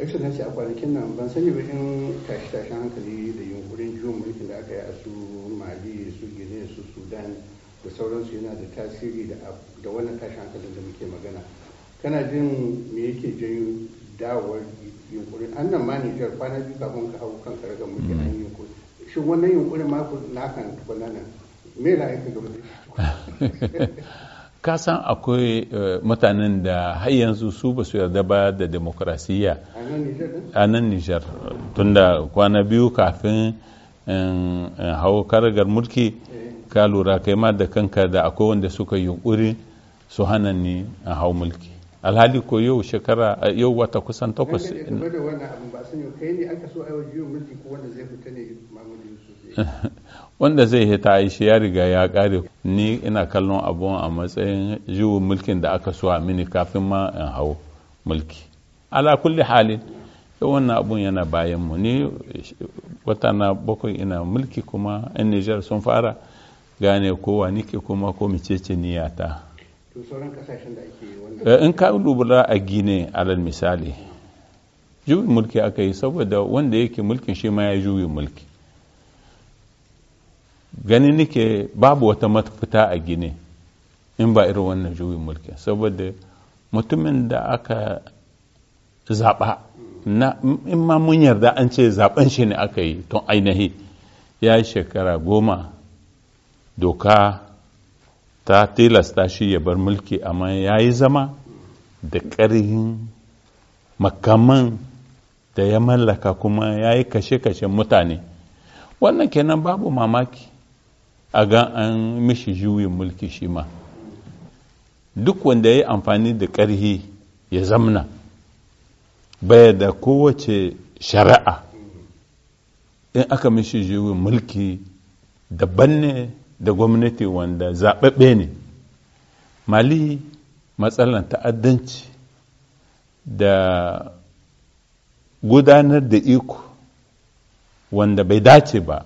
excellency a kwanakin nan ban sani ba in tashi-tashin hankali da yunkurin juyin mulkin da aka yi a su mali su gine su sudan da sauransu yana da tasiri da wannan tashin hankalin da muke magana kana jin me yake janyo dawar yunkurin an nan ma nijar kwana biyu kafin ka hau kan raga mulki an yi yunkuri shin wannan yunkurin ma na kan tukuna nan me ra'ayi ka game da ka san akwai eh, mutanen da har yanzu su ba su yarda ba da demokrasiyya a nan nijar tunda kwana biyu kafin hau karagar mulki ka lura kai ma da kanka da akwai wanda suka yunkuri su hana ni a hau mulki alhali ko yau shekara yau wata kusan takwas wanda zai hita aishi ya riga ya kare ni ina kallon abuwan a matsayin jiwo mulkin da aka so a mini kafin ma in hau mulki ala kulli halin wannan abun yana bayan mu ni wata na bakwai ina mulki kuma yan nijar sun fara gane kowa nike kuma ko ce niyata Eh, in ka lura a gine alal misali juyin mulki aka yi saboda wanda yake mulkin shi ma ya juyin mulki gani nake babu wata mafita a gine in ba irin wannan juyin mulki saboda mutumin da aka zaɓa in ma mun yarda an ce zaɓen shi ne aka yi tun ainihi ya yi shekara goma doka ta tilasta shi ya bar mulki amma ya yi zama da ƙarhin makaman da ya mallaka kuma ya yi kashe-kashe mutane wannan kenan babu mamaki a ga an mishi juyin mulki shi ma duk wanda ya yi amfani da ƙarhi ya zamna baya da kowace shari'a in aka mishi juyin mulki daban ne da gwamnati wanda zaɓaɓɓe ne mali matsalar ta'addanci da gudanar da iko wanda bai dace ba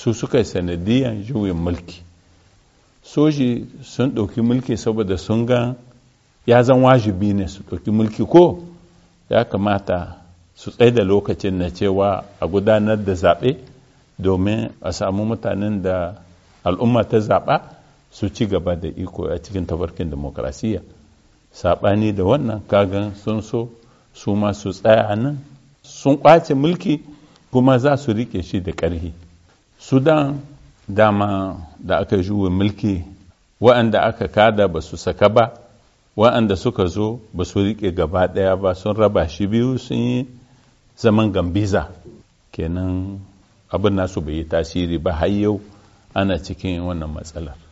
su suka yi sanadiyan juyin mulki soji sun ɗauki mulki saboda sun ga ya zan wajibi ne su ɗauki mulki ko ya kamata su tsaye da lokacin na cewa a gudanar da zaɓe domin a samu mutanen da al'umma ta zaɓa su ci gaba da iko a cikin tafarkin demokrasiya saɓani da wannan kagan sun so su masu tsaya nan sun ƙwace mulki kuma za su rike shi da ƙarfi sudan dama da aka juwa mulki wa'anda aka kada ba su saka ba wa'anda suka zo ba su rike gaba ɗaya ba sun raba shi biyu sun yi zaman gambiza kenan abin nasu bai yi tasiri ba har yau ana cikin wannan matsalar